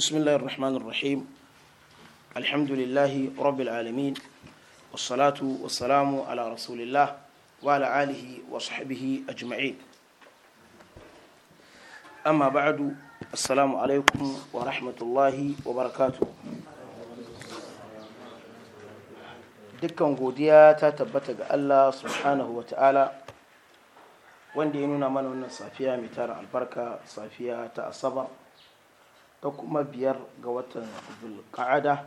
بسم الله الرحمن الرحيم الحمد لله رب العالمين والصلاة والسلام على رسول الله وعلى آله وصحبه أجمعين أما بعد السلام عليكم ورحمة الله وبركاته dukkan godiya ta tabbata ga Allah subhanahu wa ta'ala wanda ya nuna mana wannan safiya mai tara albarka safiya ta asabar ta kuma biyar ga watan zulka'ada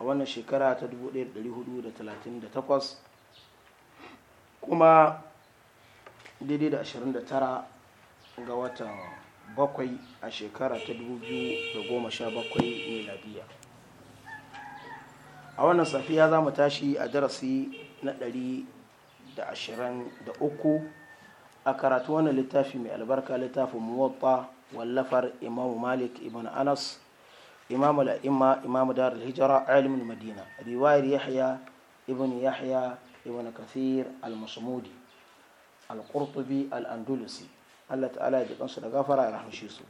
a wannan shekara ta 1438 kuma daidai da 29 ga watan bakwai a shekara ta 2017 miladiya a wannan safiya za mu tashi a darasi na 123 a karatu wannan littafi mai albarka littafin muwatta wallafar imamu malik ibn anas imamu la'imma imamu dar al-hijra alimin madina riwayar yahya ibn yahya ibn kathir al-masmudi al-qurtubi al-andalusi Allah ta'ala ya kansu da gafara ya rahmashi su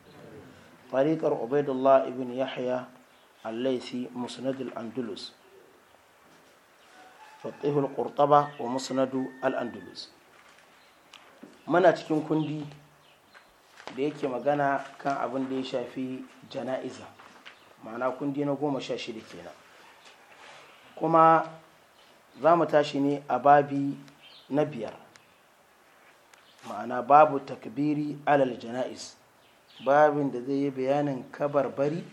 tariqar ubaidullah ibn yahya al-laythi musnad al-andalus فقيه القرطبة ومسند الأندلس muna cikin kundi da yake magana kan abin da ya shafi jana'iza ma'ana kundi na goma sha shida kenan kuma za mu tashi ne a babi na biyar ma'ana babu takbiri alal jana'iz babin da zai yi bayanin kabarbari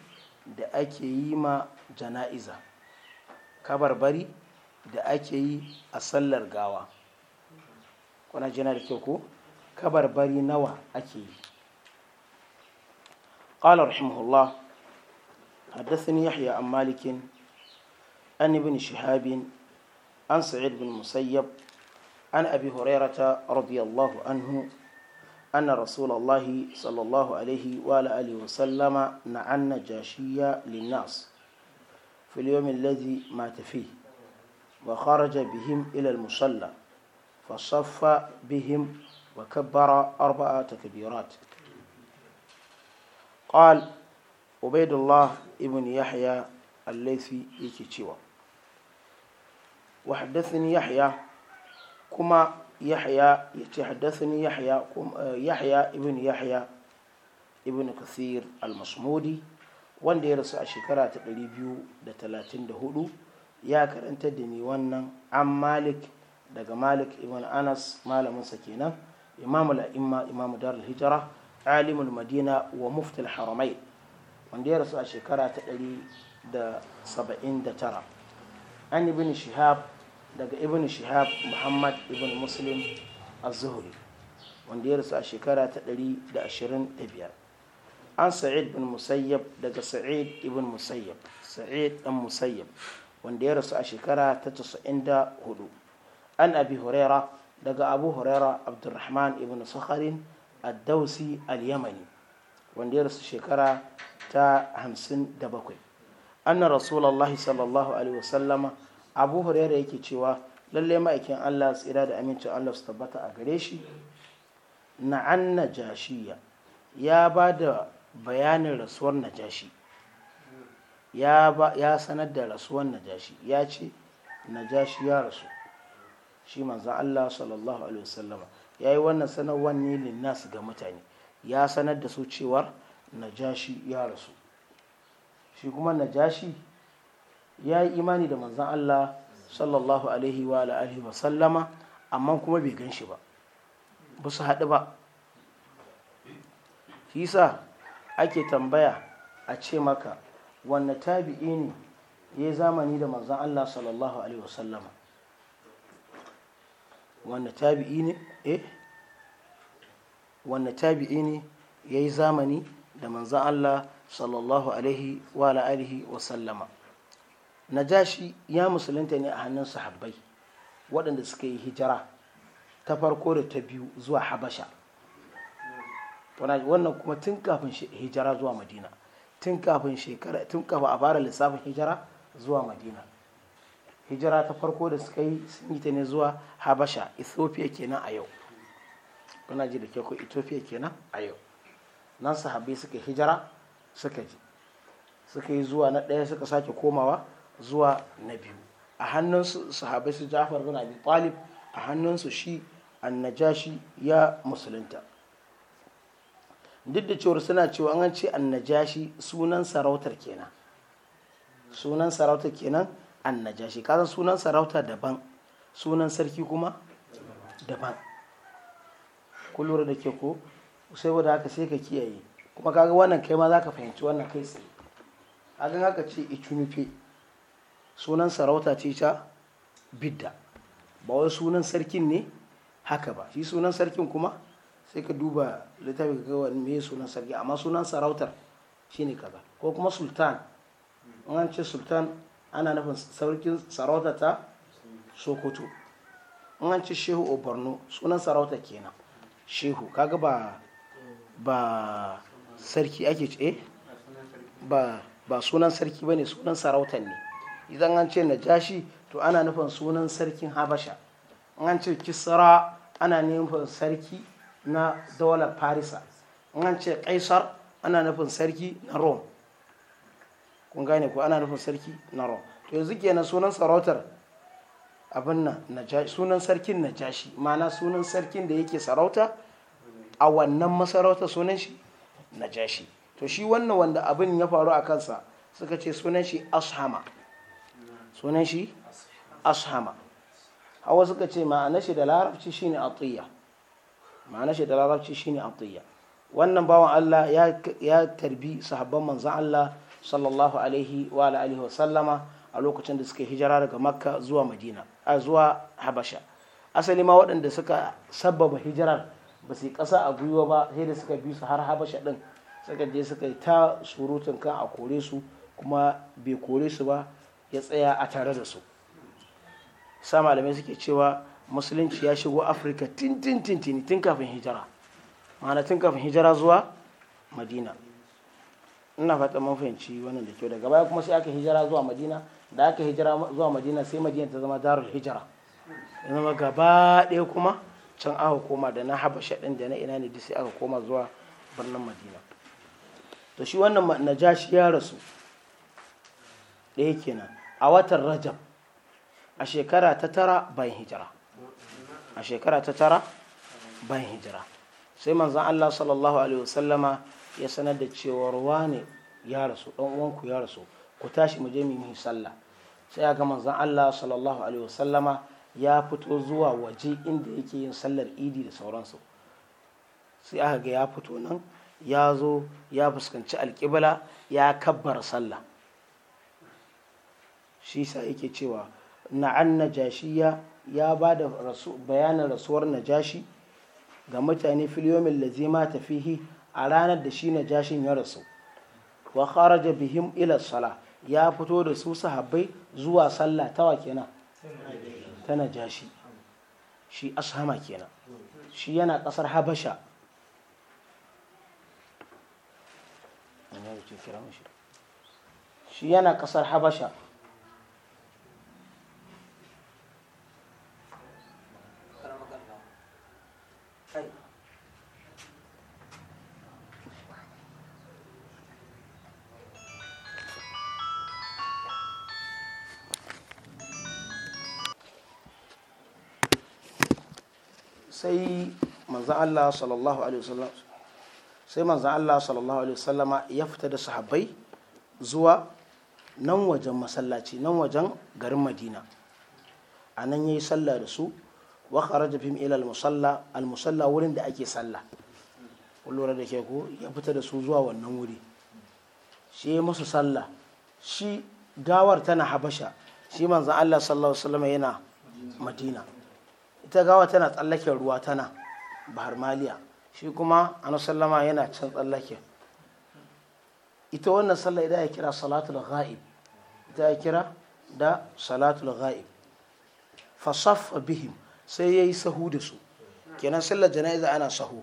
da ake yi ma jana'iza kabarbari da ake yi a sallar gawa kuna jana da kyau ko kabarbari nawa ake yi قال رحمه الله حدثني يحيى عن مالك عن ابن شهاب عن سعيد بن مسيب عن أبي هريرة رضي الله عنه أن رسول الله صلى الله عليه وآله وسلم نعى النجاشية للناس في اليوم الذي مات فيه وخرج بهم إلى المصلى فصف بهم وكبر أربع تكبيرات قال عبيد الله ابن يحيى الليثي يكي وحدثني يحيى كما يحيى يتحدثني يحيى يحيى ابن يحيى ابن كثير المصمودي wanda ya rasu a shekara ta 234 ya karanta da ni wannan an malik daga malik ibn anas malaminsa kenan imamu la'imma imamu darul hijira alimul madina wa muftil haramai wanda ya rasu a shekara ta 179 an ibn shihab daga ibn shihab muhammad ibn muslim az-zuhri wanda ya rasu a shekara ta 125 an sa'id bin musayyab daga sa'id ibn musayyab sa'id dan musayyab wanda ya rasu a shekara ta 94 an abi huraira daga abu huraira abdurrahman ibn sakharin addausi al-yamani wanda ya rasu shekara ta 57 da bakwai sallallahu alaihi wasallama abu huraira yake cewa lalle ma'aikin allah tsira da amincin allah su tabbata a gare shi na najashiya ya ba da bayanin rasuwar najashi ya sanar da rasuwar najashi ya ce najashi ya rasu shi manzan allah sallallahu alaihi wasallama ya yi wannan sanarwar ne linnas ga mutane ya sanar da su cewar najashi ya rasu shi kuma najashi ya yi imani da manzan Allah sallallahu alaihi wa alihi wa sallama amma kuma bai gan shi ba ba su haɗu ba hisa ake tambaya a ce maka wanne tabi'i ne ya yi zamani da manzan Allah sallallahu alaihi wa sallama wanda tabi'i ne eh wanda tabi'i ne yayi zamani da manzon Allah sallallahu alaihi wa alihi wa sallama najashi ya musulunta ne a hannun sahabbai waɗanda suka yi hijira ta farko da ta biyu zuwa habasha wannan kuma tun kafin hijira zuwa madina tun kafin shekara tun kafin a fara lissafin hijira zuwa madina hijira ta farko da suka yi sun yi ta ne zuwa habasha ethiopia kenan a yau kuna ji da ke ko ethiopia kenan a yau nan sahabbai suka hijira suka ji suka yi zuwa na ɗaya suka sake komawa zuwa na biyu a hannun sahabai su jafar bin abi talib a hannunsu shi annajashi ya musulunta duk da cewar suna cewa an ce annajashi sunan sarautar kenan sunan sarautar kenan annajashi kasan sunan sarauta daban sunan sarki kuma daban lura da ke ko sai wadda haka sai ka kiyaye kuma kaga wannan kai ma za ka fahimci wannan kai tsaye hakan haka ce ichunufe sunan sarauta ce ta bidda ba wai sunan sarkin ne haka ba shi sunan sarkin kuma sai ka duba littafi ga wani mai sunan sarki amma sunan sarautar shine kaza ko kuma sultan an ce sultan ana nufin sarkin sarauta ta sokoto in an ci shehu o borno sunan sarauta kenan shehu kaga ba ba sarki ake ce eh? ba sunan sarki ba ne sunan sarauta ne idan an ce na jashi to ana nufin sunan sarkin habasha in an ce kisra ana nufin sarki na daular farisa in an ce kaisar ana nufin sarki na rome kun gane ko ana nufin sarki naro to yanzu kenan sunan sarautar abin nan sunan sarkin najashi ma'ana sunan sarkin da yake sarauta a wannan masarauta sunan shi najashi to shi wannan wanda abin ya faru a kansa suka ce sunan shi ashama sunan shi ashama hawa suka ce ma'ana shi da larabci shine atiya ma'ana shi da larabci shine atiya wannan bawan Allah ya tarbi sahabban manzan Allah sallallahu alaihi wa alihi wa sallama a lokacin da suka hijira daga makka zuwa madina a zuwa habasha asali ma waɗanda suka sabbaba hijirar ba su yi ƙasa a gwiwa ba sai da suka bi su har habasha ɗin suka je suka yi ta surutun kan a kore su kuma bai kore su ba ya tsaya a tare da su sa malamai suke cewa musulunci ya shigo afirka tin tin tin tin kafin hijira ma'ana tun kafin hijira zuwa madina ina fata mun fahimci wannan da kyau daga baya kuma sai aka hijira zuwa madina da aka hijira zuwa madina sai madina ta zama darul hijira ina zama gaba ɗaya kuma can aka koma da na habasha ɗin da na ina ne sai aka koma zuwa birnin madina to shi wannan najashi ya rasu ɗaya kenan a watan rajab a shekara ta tara bayan hijira a shekara ta tara bayan hijira sai manzan allah sallallahu alaihi wasallama ya sanar da cewa ne ya rasu ɗan uwanku ya rasu ku tashi mu je mu yi sallah sai aka manzon Allah sallallahu alaihi wasallama ya fito zuwa waje inda yake yin sallar idi da sauransu sai aka ga ya fito nan ya zo ya fuskanci alƙibla ya kabbar sallah shi sa yake cewa na'an najashiya ya ba da bayanin rasuwar najashi ga mutane filiyomin lazima tafihi a ranar da shi na jashin ya rasu wa kharaja bihim ila sala ya fito da su sahabbai zuwa sallah tawa kenan ta najashi shi ashama kenan shi yana kasar habasha shi yana kasar habasha sai manzan Allah sallallahu alaihi wasallam sai manzan Allah sallallahu alaihi wasallam ya fita da sahabbai zuwa nan wajen masallaci nan wajen garin Madina a nan yayi sallah da su wa kharaja fim ila al-musalla al-musalla wurin da ake sallah kullura da ke ko ya fita da su zuwa wannan wuri shi ya musu sallah shi gawar tana habasha shi manzan Allah sallallahu alaihi wasallam yana madina ita gawa tana tsallake ruwa tana bahar maliya shi kuma anu sallama yana can tsallake ita wannan sallah idan ya kira salatul ghaib ita ya kira da salatul ghaib fasaf bihim sai yayi sahu da su kenan sallar jana'iza ana sahu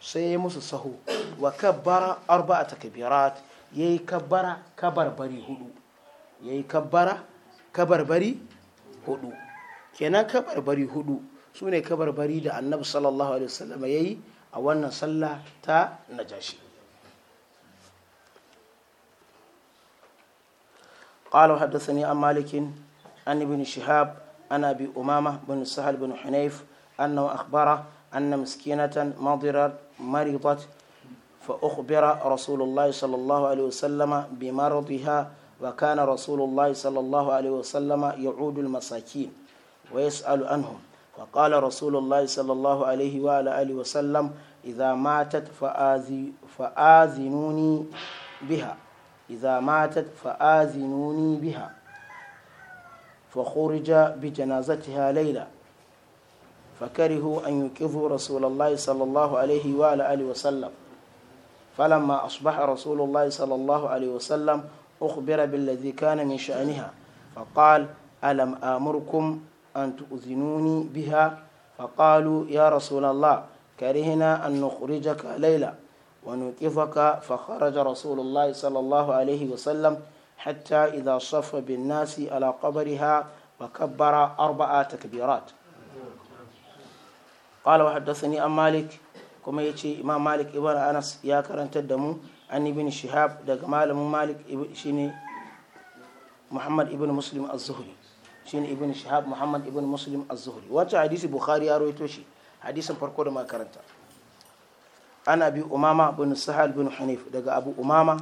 sai yayi musu sahu wa kabbara arba'a takbirat yayi kabbara kabarbari hudu yayi kabbara kabarbari hudu kenan kabarbari hudu su ne kabarbari da annabi sallallahu alaihi wasallam ya yi a wannan sallah ta najashi qala hadathani an malikin an ibn shihab an abi umama bin sahal bin hunayf annahu akbara anna miskinatan madirat maridat فأخبر رسول الله صلى الله عليه وسلم بمرضها وكان رسول الله صلى الله عليه وسلم يعود المساكين ويسأل عنهم وقال رسول الله صلى الله عليه وعلى آله وسلم إذا ماتت فآذي فآذنوني بها إذا ماتت فآذنوني بها فخرج بجنازتها ليلة فكرهوا أن يكفوا رسول الله صلى الله عليه وعلى آله وسلم فلما أصبح رسول الله صلى الله عليه وسلم أخبر بالذي كان من شأنها فقال ألم آمركم an tuzinuni biha faƙalu ya rasulallah karihina an nukurija ka laila wa nukifaka faharaja rasulallah sallallahu alaihi wasallam hatta idha safa bin nasi ala qabariha wa kabbara arba'a takbirat qala wa haddathani am malik kuma yace imam malik ibn anas ya karantar da mu an ibn shihab daga malamin malik shine muhammad ibn muslim az-zuhri shine ibn shihab muhammad ibn muslim az-zuhri wato hadisi bukhari ya rawaito shi hadisin farko da makaranta ana bi umama bin sahal bin hunayf daga abu umama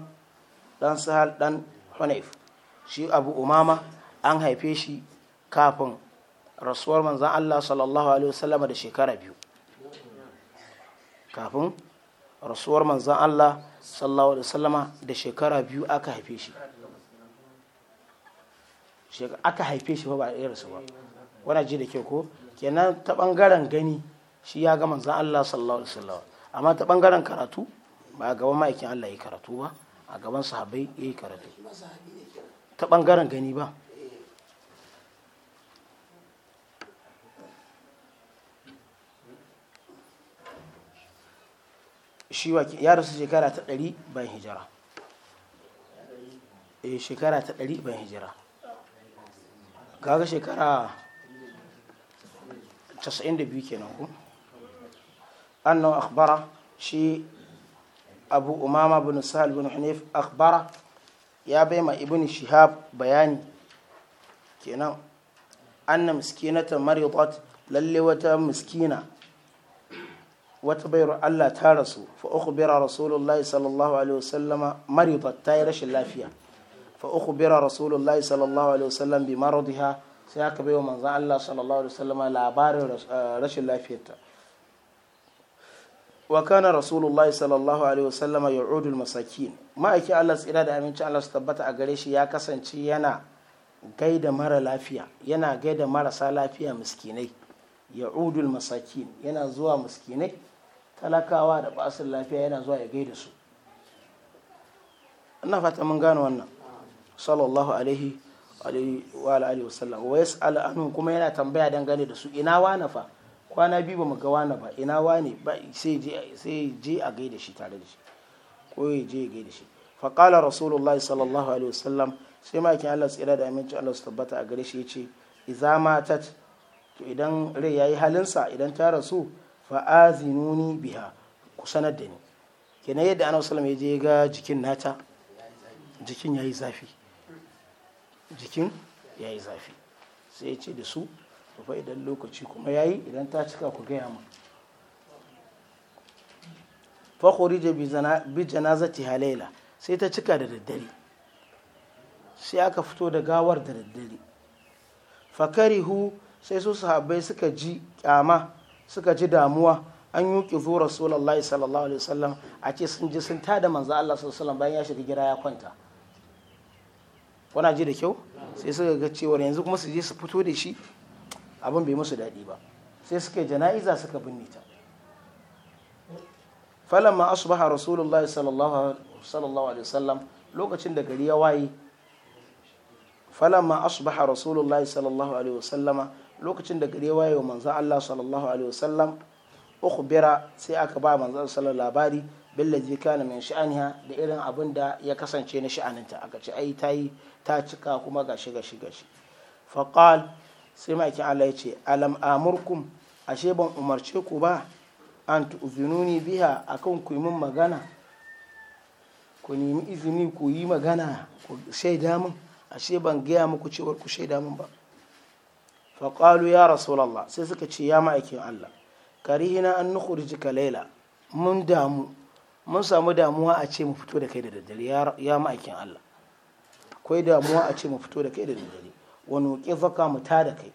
dan sahal dan hunayf shi abu umama an haife shi kafin rasuwar manzan Allah sallallahu alaihi wasallama da shekara biyu kafin rasuwar manzan Allah sallallahu alaihi wasallama da shekara biyu aka haife shi aka haife shi ba ba a ba wana ji da kyau ko kenan ta bangaren gani shi ya ga manzan Allah sallallahu alaihi wasallam amma ta bangaren karatu ba a gaban ma'aikin Allah ya karatu ba a gaban sahabbai ya yi karatu ta bangaren gani ba shi ya rasu shekara ta ɗari bayan hijira eh shekara ta ɗari bayan hijira kaga shekara 92 kenan ku shi abu umama bin sahal bin hunayf akbara ya bai ma ibn shihab bayani kenan anna miskinata maridat lalle wata miskina wata bayar Allah ta rasu fa ukhbira rasulullahi sallallahu alaihi wasallama ta yi rashin lafiya fa ukhbira rasulullahi sallallahu alaihi wasallam bi maradiha sai aka bai wa manzon Allah sallallahu alaihi wasallam labarin eh, rashin lafiyarta wa kana rasulullah sallallahu alaihi wasallama ya'udu masakin ma'aikin Allah tsira da amincin Allah su tabbata a gare shi ya kasance yana gaida mara lafiya yana gaida marasa lafiya miskinai ya'udu masakin yana zuwa miskinai talakawa da basu lafiya yana zuwa ya gaida su ina fata mun gane wannan sallallahu alaihi wa alihi wasallam wa yas'al anhu kuma yana tambaya dangane da su ina wana fa kwana biyu ba mu ga wana ba ina wane ba sai je sai je a gaida shi tare da shi ko ya je ya gaida shi fa qala rasulullahi sallallahu alaihi wasallam sai ma kin Allah tsira da aminci Allah su tabbata a gare shi yace idza matat to idan rai yayi halinsa idan ta rasu fa azinuni biha ku sanar da ni kenan yadda annabi sallallahu alaihi wasallam ya je ga jikin nata jikin yayi zafi jikin ya yi zafi sai ya ce da su fa idan lokaci kuma ya yi idan ta cika ku gaya min da bi janazati halaila sai ta cika da daddare sai aka fito da gawar da daddare fakarihu sai su sahabbai suka ji kyama suka ji damuwa an yi kifu rasulullahi sallallahu alaihi wasallam a ce sun ji sun tada manzo Allah sallallahu alaihi wasallam bayan ya shiga gida ya kwanta kuna ji da kyau sai suka ga cewar yanzu kuma su je su fito da shi abin bai musu daɗi ba sai suka yi jana'iza suka binne ta falamma asbaha rasulullahi sallallahu alaihi wasallam lokacin da gari ya waye falamma asbaha rasulullahi sallallahu alaihi wasallam lokacin da gari ya waye wa manzan Allah sallallahu alaihi wasallam ukhbira sai aka ba manzan sallallahu labari billazi kana min sha'aniha da irin abin da ya kasance na sha'aninta aka ce ai ta yi ta cika kuma gashi gashi gashi faqal sai ki Allah ya ce alam amurkum ashe ban umarce ku ba an tu'zinuni biha akan ku yi min magana ku nemi izini ku yi magana ku shaida min ashe ban gaya muku cewar ku shaida min ba faqalu ya rasulallah sai suka ce ya ma'aikin Allah karihina an nukhrijika layla mun damu mun samu damuwa a ce mu fito da kai da daddare ya ma'aikin Allah akwai damuwa a ce mu fito da kai da daddare wani wuƙe faka mu ta da kai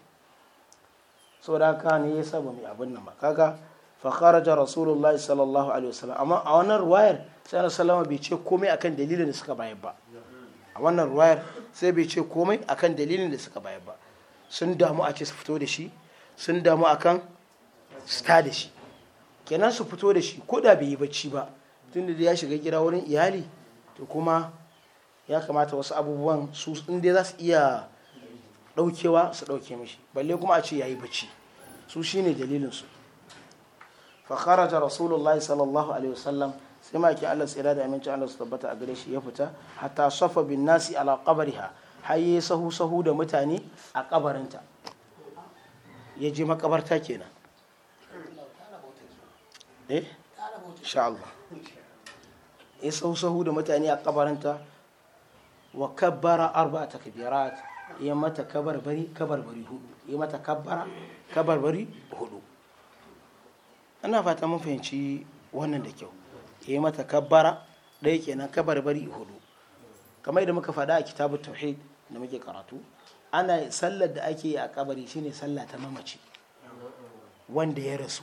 da ka ne ya saba mai abin nan makaka fa da rasulullah sallallahu alaihi wasallam amma a wannan ruwayar sai na salama bai ce komai akan dalilin da suka bayar ba a wannan ruwayar sai bai ce komai akan dalilin da suka bayar ba sun damu a ce su fito da shi sun damu akan su ta da shi kenan su fito da shi ko da bai yi bacci ba tun da ya shiga gida wurin iyali to kuma ya kamata wasu abubuwan su inda za su iya daukewa su dauke mashi balle kuma a ce ya yi bacci su shine dalilinsu fakharaja rasulullahi sallallahu alaihi wasallam sai maki allah tsira da amincin allah su tabbata a gare shi ya fita hatta safa bin nasi ala kabariha har yi sahu sahu da mutane a kabarinta ya je makabarta kenan eh ya sausahu da mutane a kabarinta wa kabbara arba ta kabirat ya mata kabarbari kabarbari hudu ya mata kabbara kabarbari hudu ana fata mun fahimci wannan da kyau ya mata kabbara ɗaya kenan kabarbari hudu kamar da muka faɗa a kitabu tauhid da muke karatu ana sallar da ake yi a kabari shine sallah ta mamaci wanda ya rasu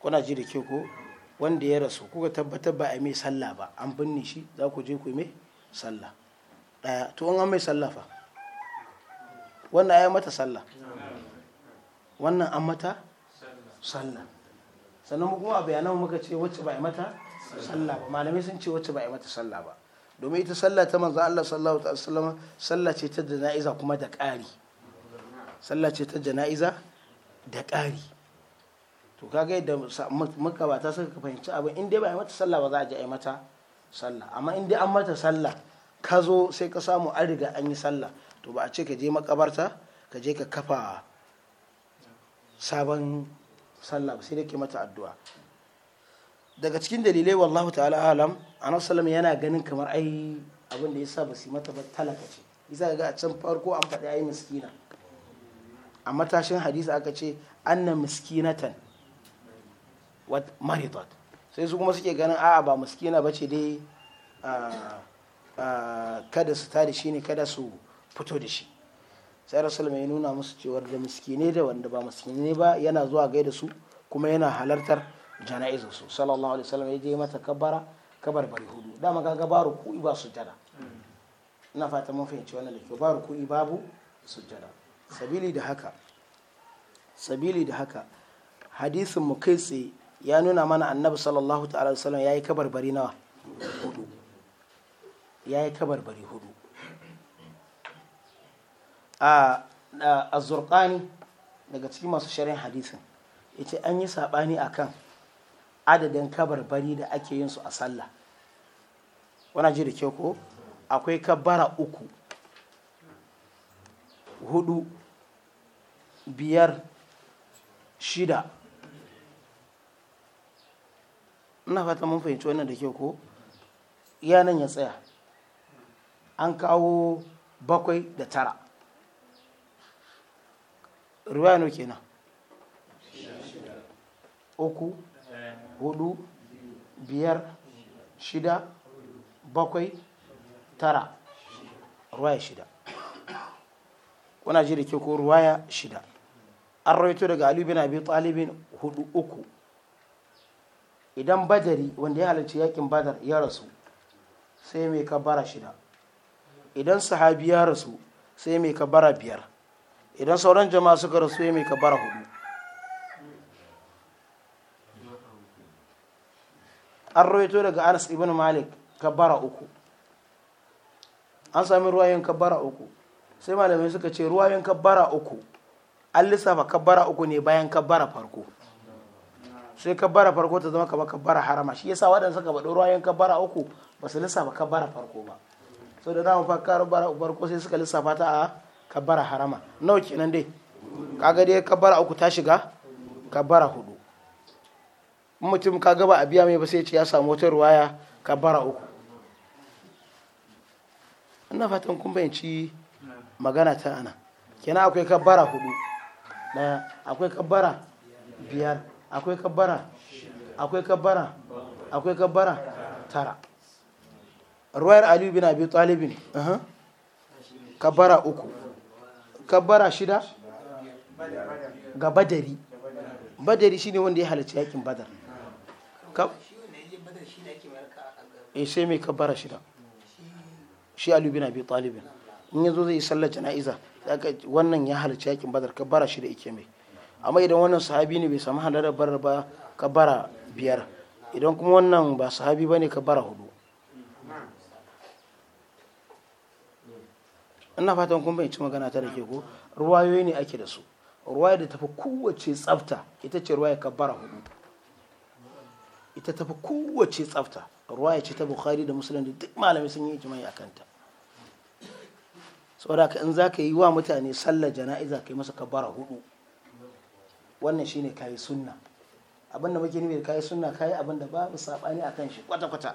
kuna ji da kyau ko wanda ya rasu kuka tabbatar ba a mai sallah ba an binne shi za ku je ku mai sallah ɗaya to an mai sallah fa wannan ya mata sallah wannan an mata sallah sannan kuma a bayanan muka ce wacce ba a mata sallah ba malamai sun ce wacce ba a mata sallah ba domin ita sallah ta manzo Allah sallallahu alaihi wasallam sallah ce ta jana'iza kuma da ƙari sallah ce ta jana'iza da ƙari to ka kaga yadda ta suka fahimci abin inda dai ba a mata sallah ba za a je a yi mata sallah amma in dai an mata sallah ka zo sai ka samu an riga an yi sallah to ba a ce ka je makabarta ka je ka kafa sabon sallah ba sai dai ke mata addu'a daga cikin dalilai wallahu ta'ala alam anas sallam yana ganin kamar ai abin da yasa ba su mata ba talaka ce isa ga a can farko an faɗi ai miskina a matashin hadisi aka ce anna miskinatan maridat sai su kuma suke ganin a'a ba muskina bace dai kada su tare shi ne kada su fito da shi sai rasul mai nuna musu cewar da miskine da wanda ba miskine ba yana zuwa gaida su kuma yana halartar jana'izar su sallallahu alaihi wasallam ya je mata kabara kabar bari hudu dama ga ba ruku'i ba sujjada ina fata mun fahimci wannan da ba ruku'i babu su sabili da haka sabili da haka hadisin mu kai tsaye ya nuna mana annabi sallallahu ta'ala wasallam ya yi kabarbari nawa hudu ya yi kabarbari hudu a azurkani daga cikin masu sharin hadisin ita ce an yi saɓani a kan adadin kabarbari da ake yin su a sallah wana ji da kyau ko akwai kabara uku hudu biyar shida ina fata mun fahimci wannan da ke ko yanan ya tsaya an kawo bakwai da tara ruwano kenan uku hudu biyar shida bakwai tara ruwaya shida kuna ji da ke ko ruwaya shida an rawaito daga alibi biyu talibin hudu uku idan badari wanda ya halarci yakin badar ya rasu sai mai bara shida idan sahabi ya rasu sai mai bara biyar idan sauran jama'a suka rasu ya mai bara hudu an roito daga anas ibn malik bara uku an sami ruwayen bara uku sai malamai suka ce ruwayen bara uku an lissafa bara uku ne bayan bara farko sai bara farko ta zama kamar bara harama shi yasa waɗanda suka baɗo ruwayen bara uku ba su lissafa bara farko ba sau da dama bara farko sai suka lissafa ta a bara harama nawa kenan dai kaga dai bara uku ta shiga bara hudu mutum ka gaba a biya mai ba sai ce ya samu wata ruwaya bara uku ina fatan kun bayanci magana ta ana kenan akwai bara hudu na akwai bara biyar akwai kabbara akwai kabbara akwai kabbara tara ruwayar aliyu bin biyu talibin kabbara uku kabbara shida ga badari badari shi ne wanda ya halarci yakin badar e sai mai kabbara shida shi aliyu bin abi talibin in yanzu zai sallar jana'iza wannan ya halarci yakin badar kabbara shida ike mai amma idan wannan sahabi ne bai samu hadarar bar ba ka bara biyar idan kuma wannan ba sahabi ba ne ka bara hudu ina fatan kun bai ci magana ta da ke ko ruwayoyi ne ake da su ruwaya da tafi kowace tsafta ita ce ruwaya ka bara hudu ita tafi kowace tsafta ruwaya ce ta bukhari da musulun da duk malami sun yi ijimai a kanta saboda ka in za ka yi wa mutane sallar jana'iza ka yi masa ka bara hudu wannan shine kayi sunna abin da muke nufi kayi sunna kayi abin da babu sabani akan shi kwata kwata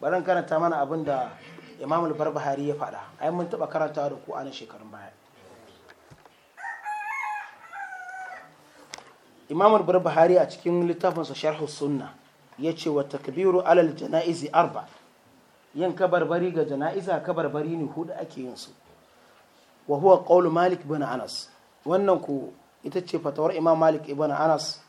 baran karanta mana abinda da Imam al-Barbahari ya faɗa ai mun taba karanta da ku a nan shekarun baya Imam al-Barbahari a cikin littafinsa sharhu sunna ya ce wata kabiru alal janaizi arba yin kabarbari ga jana'iza kabarbari ne hudu ake yin su wa huwa malik bin anas wannan ku ita ce fatawar imam malik ibn anas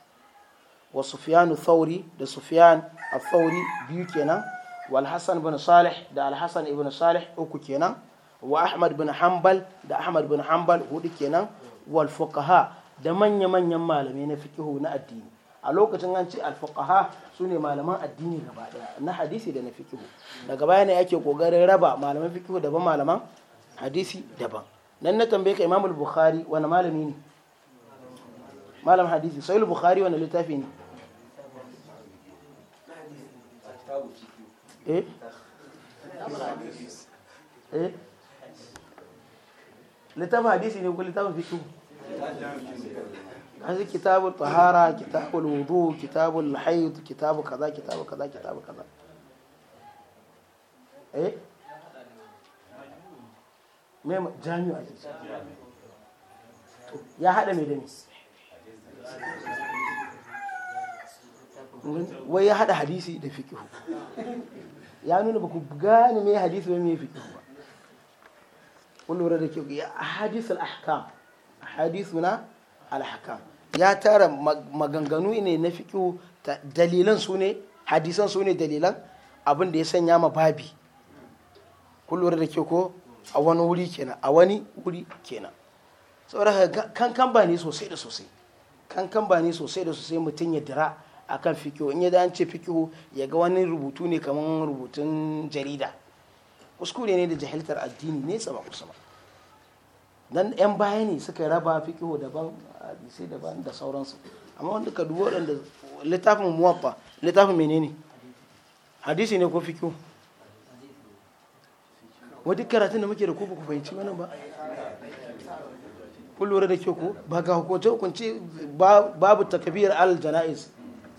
wa Sufiyanu thauri da sufyan al-thauri biyu kenan walHassan hasan ibn salih da alHassan hasan ibn salih uku kenan wa ahmad bin Hambal da ahmad bin Hambal hudu kenan wal fuqaha da manya manyan malamai na fikihu na addini a lokacin an ce al fuqaha sune malaman addini gaba daya na hadisi da na fiqihu daga baya ne ake kokarin raba malaman fikihu daban malaman hadisi daban nan na tambaye ka imam al-bukhari wani malami ne malam hadisi sahih bukhari wani littafi ne eh eh littafin hadisi ne ko littafin fiqh هذا كتاب الطهارة كتاب الوضوء كتاب الحيض كتاب كذا كتاب كذا كتاب كذا ايه ميم جامع يا هذا ميدانيس wai ya haɗa hadisi da fiƙihu ya nuna ba ku gane mai hadisi ba mai fiƙihu ba kun lura da kyau ya hadis al-ahkam hadisuna al-ahkam ya tara maganganu ne na fiƙihu dalilan su ne hadisan su ne dalilan abin da ya sanya ma babi kun lura da kyau ko a wani wuri kenan a wani wuri kenan saboda kankan ba ne sosai da sosai kankan ba ne sosai da sosai mutum ya dira a kan fikihu in yadda an ce fikihu ya ga wani rubutu ne kamar rubutun jarida kuskure ne da jahiltar addini ne sama kusa ba dan yan baya ne suka raba fikihu daban hadisai daban da sauransu amma wanda ka dubo waɗanda littafin muwaffa littafin menene hadisi ne ko fikihu wadda karatun da muke da ku ba ku fahimci mana ba kun lura da kyau ko ba ga hukunci hukunci babu takabiyar al janaiz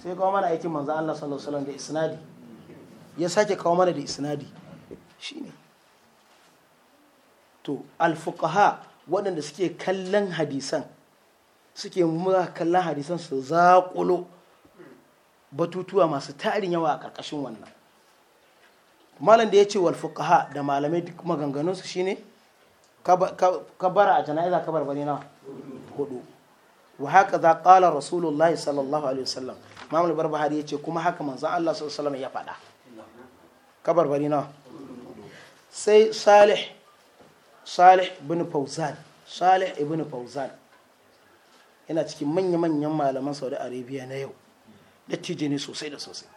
sai kawo mana aikin manzo Allah sallallahu alaihi wasallam da isnadi ya sake kawo mana da isnadi shine to al fuqaha waɗanda suke kallon hadisan suke muna kallon hadisan su zaƙulo batutuwa masu tarin yawa a ƙarƙashin wannan malam da ya ce wal fuqaha da malamai duk maganganunsu shine ka a jana'iza ka bane na hudu wa haka za qala rasulullahi sallallahu alaihi wasallam imam al ya ce kuma haka manzan Allah sallallahu alaihi wasallam ya faɗa ka bane na sai salih salih ibn fauzan salih ibn fauzan yana cikin manya-manyan malaman saudi arabia na yau da ne sosai da sosai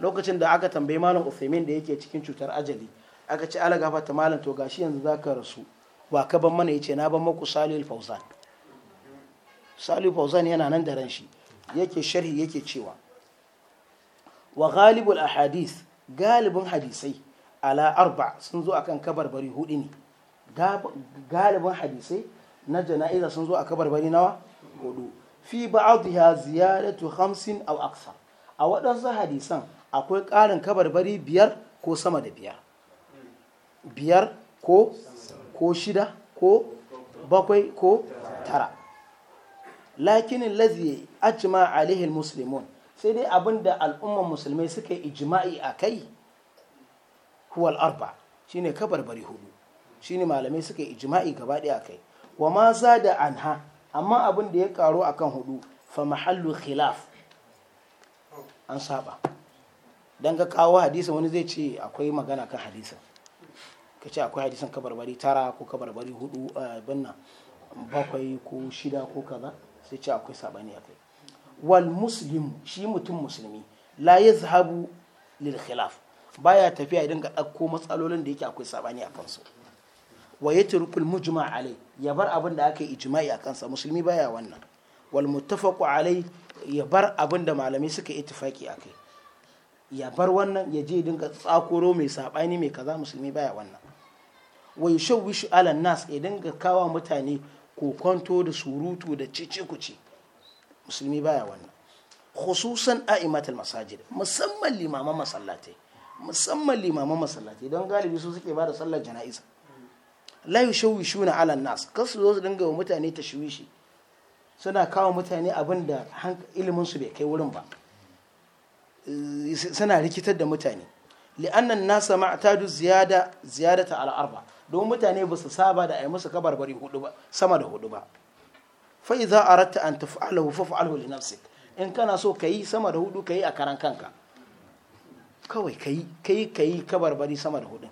lokacin da aka tambayi malam uthaymin da yake cikin cutar ajali aka ce ala gafarta malam to gashi yanzu za ka rasu wa ka ban mana ya ce na ban maku salil fauzan salil fauzan yana nan da ran shi yake sharhi yake cewa wa ghalibul ahadith galibin hadisai ala arba sun zo akan kabarbari hudu ne galibin hadisai na jana'iza sun zo a kabarbari nawa hudu fi ba'dha ziyadatu hamsin aw aksar a waɗansu hadisan akwai ƙarin bari biyar ko sama da biyar biyar ko ko shida ko bakwai ko tara lakinin lazi ajma alihil musulmi sai dai abinda da al'umman musulmai suka yi ijima'i a kai huwal arba shine kabarbari hudu shine malamai suka yi ijima'i gaba ɗaya a kai wa ma za da anha amma abin da ya karo kan hudu fa mahallu khilaf an saba dan ga kawo hadisa wani zai ce akwai magana kan hadisin ka ce akwai hadisan kabarbari tara ko kabarbari hudu a binna bakwai ko shida ko kaza sai ce akwai sabani a kai wal muslim shi mutum musulmi la zahabu lil khilaf baya tafiya idan ga ɗauko matsalolin da yake akwai sabani a kansu wa ya yatrukul mujma alai ya bar abin da aka yi ijma'i a kansa musulmi baya wannan wal muttafaqu alai ya bar abin da malamai suka yi a akai ya bar wannan ya je dinka tsakoro mai saɓani mai kaza musulmi baya wannan wa yushawishu ala nas ya dinga kawo mutane kokonto da surutu da cici kuci musulmi baya wannan khususan a'imatul masajid musamman limaman masallatai musamman limaman masallatai don galibi su suke bada sallar jana'iza la na ala nas kasu zo su dinga wa mutane tashwishi suna kawo mutane abin ilimin su bai kai wurin ba eh, suna rikitar da mutane li'annan nasa ma'tadu ziyada ziyadata ala arba don mutane ba su saba da a yi musu kabarbari hudu ba sama da hudu ba fa idza aratta an taf'alahu fa fa'alhu li nafsik in kana so ka yi sama da hudu ka yi a karan kanka kawai ka yi ka yi ka kabarbari sama da hudu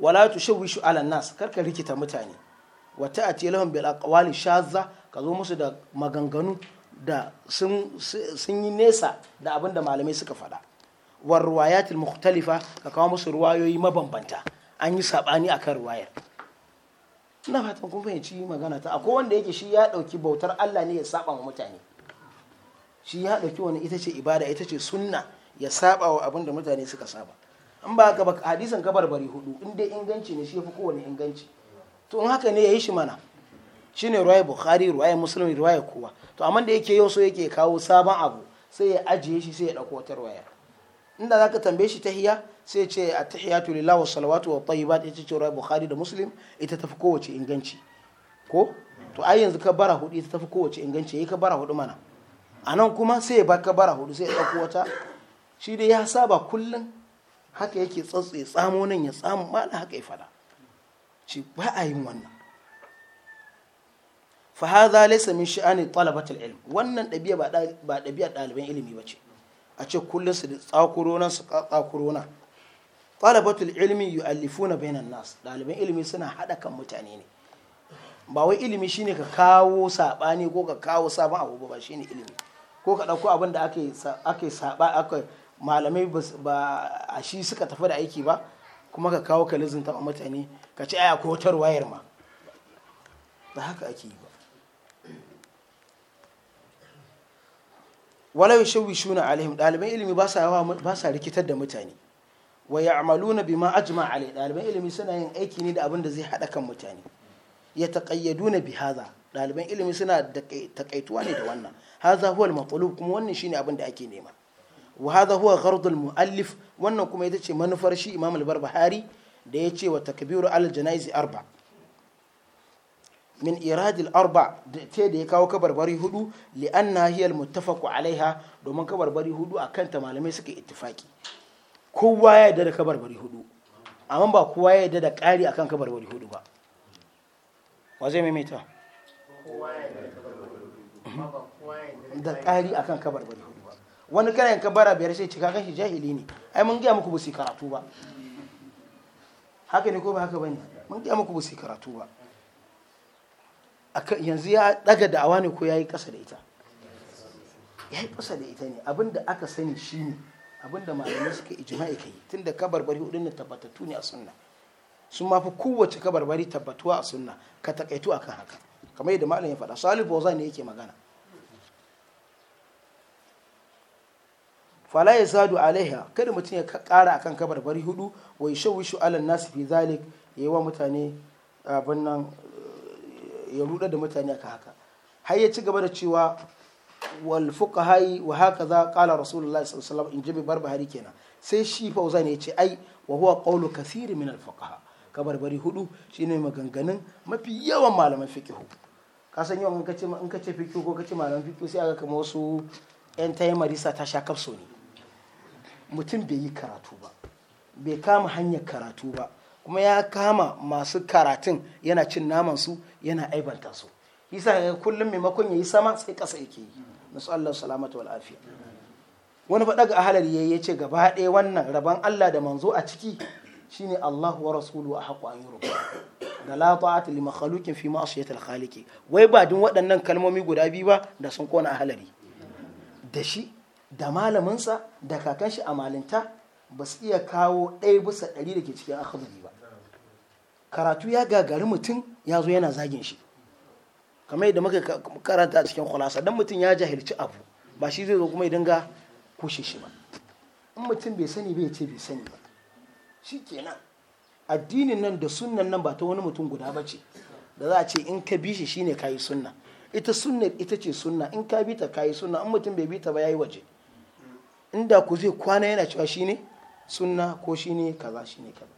wala tushawishu ala nas kar ka rikita mutane wa ta'ati lahum bil aqwali shazza ka zo musu da maganganu da sun yi nesa da abin da malamai suka faɗa war al mukhtalifa ka kawo musu ruwayoyi mabambanta an yi sabani akan ruwayar ina fatan kun fahimci magana ta akwai wanda yake shi ya dauki bautar Allah ne ya saba wa mutane shi ya dauki wani ita ce ibada ita ce sunna ya saba wa abin da mutane suka saba in ba ka ba hadisan barbari hudu in dai inganci ne shi yafi kowane inganci to in haka ne yayi shi mana shine ruwaya bukhari ruwaya muslim ruwaya kowa to amma da yake yau so yake kawo sabon abu sai ya ajiye shi sai ya dauko wata ruwayar inda za ka tambaye shi tahiya sai ce at-tahiyatu tuli was salawatu wat ba ta ce cewa bukhari da muslim ita tafi kowace inganci ko to ai yanzu ka bara hudu ita tafi kowace inganci yayi ka bara hudu mana anan kuma sai ya ka bara hudu sai ya dauko wata shi dai ya saba kullun haka yake tsatsi tsamo nan ya tsamo mana haka ya fada shi ba a yin wannan fa hadha laysa min sha'ani talabatul ilm wannan ɗabi'a ba ɗabi'a ɗaliban ilimi ba ce. a ce kullum su tsakuro nan su tsakuro nan talabatul ilmi na bainan nas ɗaliban ilimi suna haɗa kan mutane ne ba wai ilimi shine ka kawo saɓani ko ka kawo sabon abu ba shine ilimi ko ka ɗauko abin da ake aka malamai ba a shi suka tafi da aiki ba kuma ka kawo ka lizinta mutane ka ce a kotar wayar ma ba haka ake yi wala yashawishuna alaihim daliban ilimi ba sa rikitar da mutane wa ya'maluna bima ajma alai daliban ilimi suna yin aiki ne da abin da zai hada kan mutane ya taƙayyaduna bi haza daliban ilimi suna takaituwa ne da wannan haza huwa al-matlub kuma wannan shine abin da ake nema wa hadha huwa ghardul muallif wannan kuma ita ce manufar shi imam al-barbahari da ya ce wa takbiru al-janaizi arba' min iradil arba ce da ya kawo kabarbari hudu li'an nahiyar muttafaku alaiha domin kabarbari hudu a kanta malamai suka ittifaki kowa ya yarda da kabarbari hudu amma ba kowa ya yarda da ƙari akan kabarbari hudu ba wa zai maimaita da ƙari akan kabarbari hudu ba wani karayen kabara biyar sai cika kan shi jahili ne ai mun gaya muku ba su karatu ba haka ne ko ba haka ba ne mun gaya muku ba su karatu ba yanzu ya daga da'awa ne ko ya yi ƙasa da ita ya yi ƙasa da ita ne abinda aka sani shi ne abinda malamai suka ijma'i kai tunda kabarbari hudun da tabbatattu ne a sunna sun mafi kowace kabarbari tabbatuwa a sunna ka takaitu akan haka kamar yadda malam ya faɗa salif boza ne yake magana fala ya zadu alaiha kada mutum ya ƙara akan kabarbari hudu wa shawishu alan nasu fi zalik ya yi wa mutane abin nan ya rudar da mutane ka haka har ya ci gaba da cewa wal fuqahai wa hakaza qala rasulullah sallallahu alaihi wasallam in jibi barbahari kenan sai shi fauzan ya ce ai wa huwa qawlu kathiri min al fuqaha bari hudu shine maganganun mafi yawan malaman fiqh ka san yawan ka ce in ka ce fiqh ko ka ce malaman fiqh sai aka kama wasu yan taimarisa ta sha kafso ne mutum bai yi karatu ba bai kama hanyar karatu ba kuma ya kama masu karatun yana cin namansu yana aibanta su isa ga kullum maimakon ya yi sama sai kasa yake yi nasu Allah salamatu wal afiya wani faɗa ga ahalar yayi ce gaba ɗaya wannan rabon Allah da manzo a ciki shine allahu wa rasulu a haƙo an yi da la li makhluqin fi ma'siyati al wai ba dun waɗannan kalmomi guda biyu ba da sun kona ahalari da shi da malaminsa da kakanshi a malinta ba su iya kawo ɗaya bisa ɗari da ke cikin akhadari ba karatu ya gagari mutum ya zo yana zagin shi kamar yadda muka karanta a cikin kwalasa don mutum ya jahilci abu ba shi zai zo kuma ya dinga kushe shi ba in mutum bai sani bai ce bai sani ba shi kenan addinin nan da sunnan nan ba ta wani mutum guda ba ce da za a ce in ka bi shi shine yi sunna ita suna ita ce sunna in ka bi ta ka yi sunna in mutum bai bi ta ba ya yi waje inda ku zai kwana yana cewa shine suna ko shine kaza shine kaza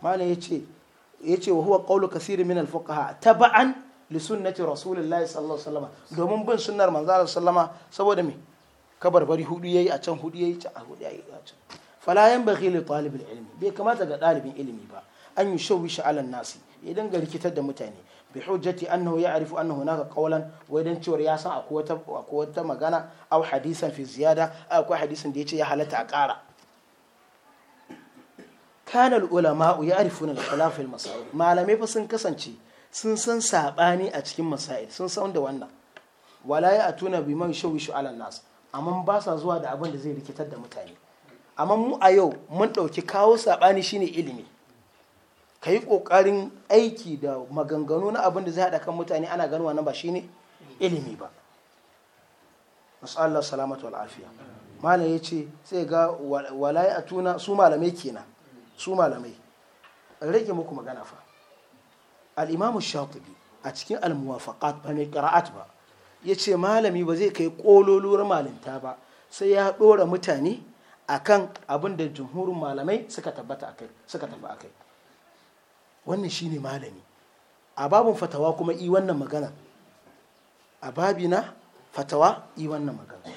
malam ya ce yace wa huwa qawlu kasiri min al ta ba'an li sunnati rasulillahi sallallahu alaihi wasallam domin bin sunnar manzo sallama saboda me kabarbari hudu yayi a can hudu yayi a hudu yayi a can fala ba li talib al ilmi bai kamata ga dalibin ilimi ba an yi yushawisha ala nasi idan ga rikitar da mutane bi hujjati annahu ya'rifu annahu naka qawlan wai dan ciwar ya san akwai wata magana aw hadisan fi ziyada akwai hadisin da yace ya halatta a ƙara kanal ulama'u ya arifuna al fil masail malamai fa sun kasance sun san sabani a cikin masail sun san da wannan wala ya atuna bi man shawishu ala nas amma ba sa zuwa da abin da zai rikitar da mutane amma mu a yau mun dauki kawo sabani shine ilimi kai kokarin aiki da maganganu na abin da zai haɗa kan mutane ana ganin na ba shine ilimi ba allah salamatu wal afiya malam yace sai ga wala ya atuna su malamai kenan su malamai rage muku magana fa al'imamu shatibi a cikin almuwafaqat ba mai ƙara'at ba ya ce malami ba zai kai ƙololuwar malinta ba sai ya ɗora mutane akan abin da jumhurin malamai suka tabbata akai suka tafi akai wannan shine malami a babin fatawa kuma i wannan magana a babina fatawa i wannan magana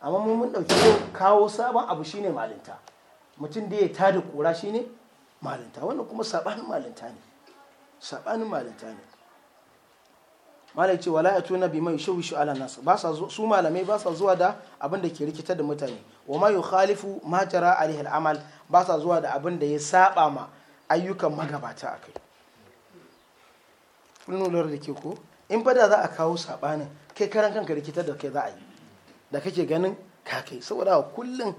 amma mun ɗauki kawo sabon abu shine malinta mutum da ya tada kura shine malinta wannan kuma sabanin malinta ne sabanin malinta ne malai ce wala yatuna bima yushawishu ala nas su malamai ba sa zuwa da abin da ke rikita da mutane wa ma khalifu majara tara amal al'amal ba sa zuwa da abin da ya saba ma ayyukan magabata kai kun lura da ke ko in fada za a kawo sabanin kai karan kanka rikitar da kai za a yi da kake ganin kakai saboda kullum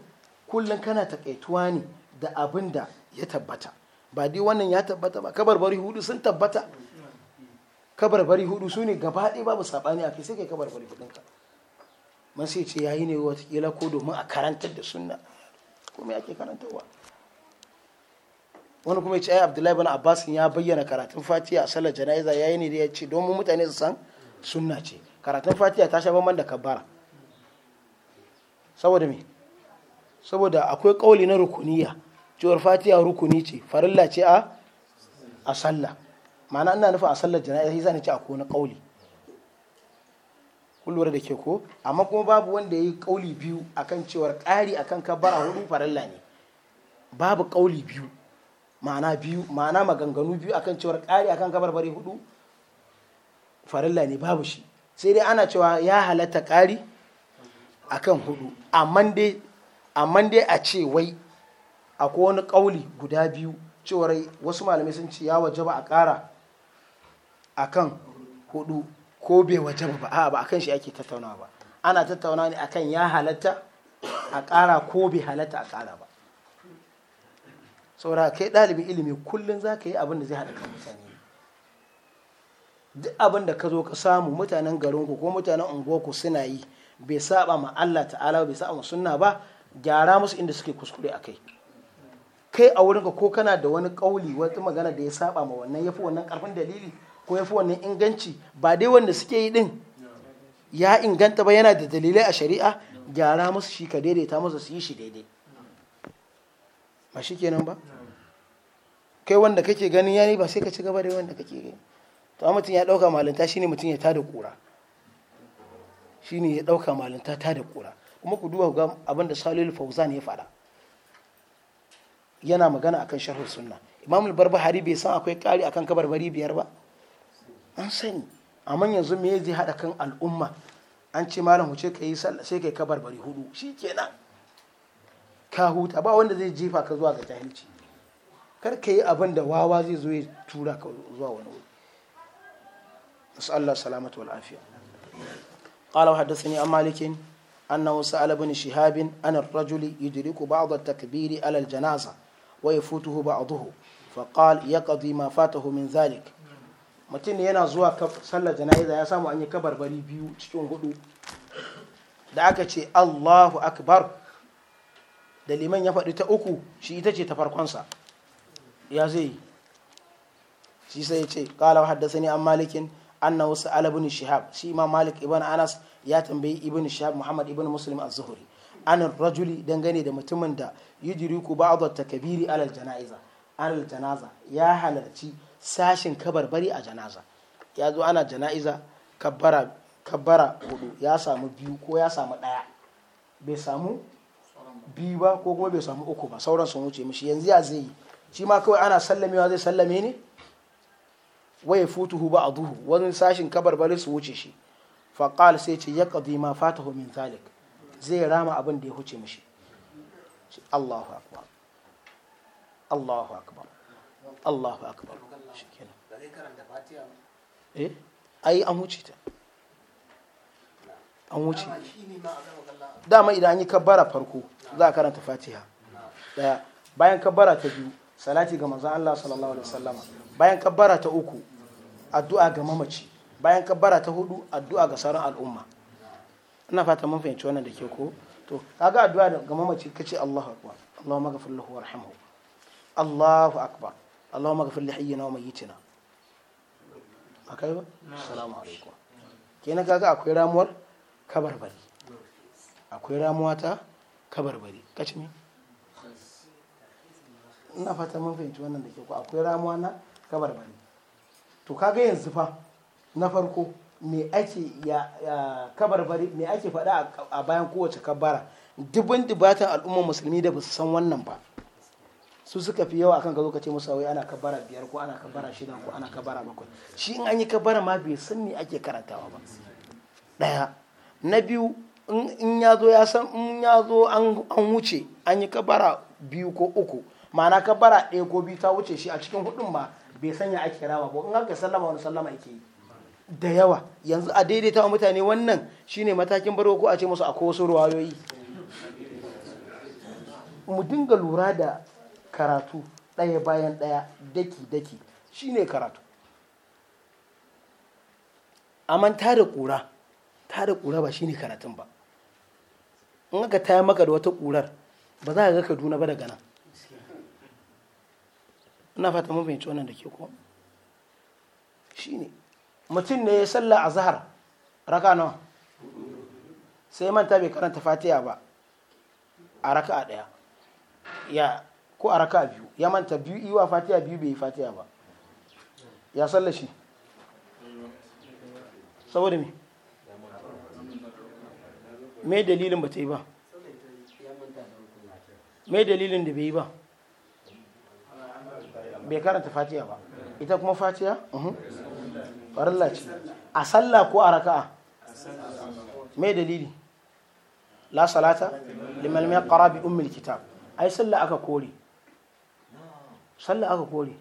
kullum kana takaituwa ne da abin da ya tabbata ba dai wannan ya tabbata ba kabarbari hudu sun tabbata kabarbari hudu su ne gaba ɗaya babu saɓani a kai sai kai kabarbari hudun ka masu sai ya yayi ne watakila ko domin a karantar da sunna ko me ake karantarwa wani kuma ya ce ai abdullahi bin abbas ya bayyana karatun fatiha a sallar jana'iza yayi ne da ya ce domin mutane su san sunna ce karatun fatiha ta sha bamban da kabbara saboda me saboda akwai kauli na rukuniya cewar fatiha rukuni ce farilla ce a a sallah ma'ana ina nufin a sallar jana'iza sai zane ce a na kauli kullum da ke ko amma kuma babu wanda ya yi kauli biyu akan cewar ƙari akan kabbara hudu farilla ne babu kauli biyu ma'ana biyu ma'ana maganganu biyu akan cewar ƙari akan kabarbari hudu farilla ne babu shi sai dai ana cewa ya halatta ƙari akan hudu amma dai amma dai a ce wai akwai wani ƙauli guda biyu cewar wasu malamai sun ce ya wajaba a ƙara a kan hudu ko bai wajaba ba a kan shi ake tattauna ba ana tattauna ne a kan ya halatta a ƙara ko bai halatta a ƙara ba saura kai ɗalibin ilimi kullum za ka yi abin da zai haɗa kan mutane duk abin da ka zo ka samu mutanen garinku ko mutanen unguwarku suna yi bai saba ma Allah ta'ala bai saba ma sunna ba gyara musu inda suke kuskure a kai kai a wurinka ko kana da wani kauli wata magana da ya saba ma wannan ya fi wannan karfin dalili ko ya fi wannan inganci ba dai wanda suke yi din ya inganta ba yana da dalilai a shari'a gyara musu shi ka daidaita musu su yi shi daidai ba shi kenan ba kai wanda kake ganin yani ba sai ka ci gaba da wanda kake gani to mutum ya dauka malinta shine mutum ya tada kura shine ya dauka malinta tada kura kuma ku duba ga abin da salil fauzan ya faɗa yana magana akan sharhul sunna imamul barbahari bai san akwai kari akan kabarbari biyar ba an sani amma yanzu me zai haɗa kan al'umma an ce malam huce kai yi sai kai yi kabarbari hudu shi kenan ka huta ba wanda zai jefa ka zuwa ga jahilci kar ka abin da wawa zai zo ya tura ka zuwa wani wuri nasu Allah salamatu wal afiya qala wa haddathani an أنه سأل ابن شهاب أن الرجل يدرك بعض التكبير على الجنازة ويفوته بعضه فقال يقضي ما فاته من ذلك mutum yana zuwa sallar jana'iza ya samu an yi kabarbari biyu cikin hudu da aka ce allahu akbar da liman ya faɗi ta uku shi ita ce ta farkonsa ya zai shi sai ya ce ƙala haddasa ne an malikin annahu sa'ala ibn shihab shi ma malik ibn anas ya tambayi ibn shab muhammad ibn muslim az-zuhri anan rajuli dangane da mutumin da yujriku ba'dhu takabiri alal janaiza alal janaza ya halarci sashin kabarbari a janaza ya zo ana janaiza kabbara kabbara hudu ya samu biyu ko ya samu daya bai samu biyu ba ko kuma bai samu uku ba sauran sun wuce mishi yanzu ya zai shi ma kawai ana sallamewa zai sallame ne waye futuhu ba a duhu wani sashin kabarbari su wuce shi faƙal sai ce ya ƙazi ma fatahu min zalik zai rama abin da ya huce mishi Allahu akbar Allahu akbar Allahu akbar eh ai an huce ta an huce dama idan an yi kabbara farko za a karanta fatiha daya bayan kabbara ta biyu salati ga manzon Allah sallallahu alaihi wasallama bayan kabbara ta uku addu'a ga mamaci bayan kabbara ta hudu addu'a ga sauran al'umma ina fata mun fahimci wannan da ke ko to kaga addu'a ga mamaci kace Allahu akbar Allahu ghafir lahu warhamhu Allahu akbar Allahu ghafir li hayyina wa mayyitina akai ba assalamu alaikum kina kaga akwai ramuwar kabarbari akwai ramuwa ta kabarbari kace ni ina fata mun fahimci wannan da ke ko akwai ramuwa na kabarbari to kaga yanzu fa na farko me ake ya kabarbari me ake faɗa a bayan kowace kabara dubin dubatan al'ummar musulmi da ba su san wannan ba su suka fi yawa akan ka zo ka ce musu wai ana kabara biyar ko ana kabara shida ko ana kabara bakwai shi in an yi kabara ma bai san me ake karantawa ba ɗaya na biyu in ya zo ya san in ya zo an wuce an yi kabara biyu ko uku ma'ana kabara ɗaya ko biyu ta wuce shi a cikin hudun ma bai sanya ake rawa ba in aka sallama wani sallama ake yi da yawa yanzu a daidaita wa mutane wannan shine matakin baro ko a ce musu a wasu ruwayoyi mu dinga lura da karatu ɗaya bayan ɗaya daki-daki shine karatu amma ta da ƙura ta ƙura ba shine karatun ba in aka taya maka da wata ƙurar ba za ka ga kaduna ba daga nan ina fata mun fahimci wannan da ke ko shine mutum ne ya salla a zahar raka nawa sai manta bai karanta fatiha ba a raka daya ya ko a raka biyu ya manta biyu iwa fatiha biyu bai yi fatiha ba ya salla shi saboda me me dalilin ba ta yi ba me dalilin da bai yi ba bai karanta fatiha ba ita kuma fatiha? farilla ce a sallah ko a raka'a mai dalili la salata liman ya qara bi ummil kitab yi sallah aka kori sallah aka kori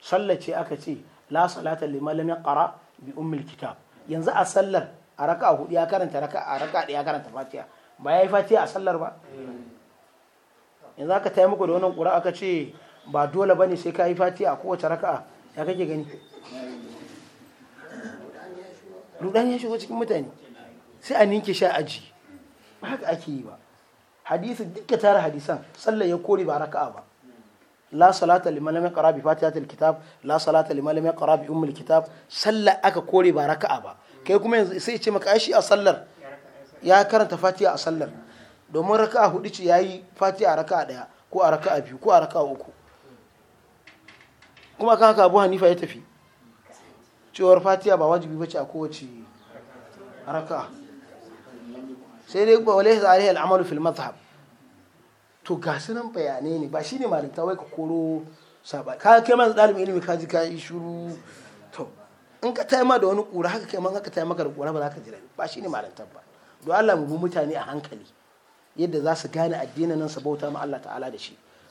sallah ce aka ce la salata liman lam bi ummil kitab yanzu a sallar a raka'a hudu ya karanta raka'a a raka'a ya karanta fatiya ba ya yi fatiya a sallar ba yanzu aka taimako da wannan kura aka ce ba dole ba ne sai ka yi fatiya a kowace raka'a ya kake gani rudani ya shigo cikin mutane sai a ninke sha aji ba haka ake yi ba hadisi dukkan tara hadisan sallar ya kore ba raka'a ba la salata liman lam yaqra bi fatihatil kitab la salata liman lam yaqra bi ummil kitab sallar aka kore ba raka'a ba kai kuma yanzu sai ce maka shi a sallar ya karanta fatiha a sallar domin raka'a hudu ce yayi fatiha a raka'a daya ko a raka'a biyu ko a raka'a uku kuma kan haka abu hanifa ya tafi cewar fatiya ba wajibi bace a kowace raka sai dai ba wale za a rihe al'amalu fil mazhab to ga nan bayanai ne ba shine malinta wai ka koro saba ka kai mana dalibin ilimi ka ji ka yi shuru to in ka taima da wani kura haka kai man ka taima da kura ba za ka jira ba shine malinta ba don Allah mu mutane a hankali yadda za su gane addinin nan sabauta bauta ma Allah ta'ala da shi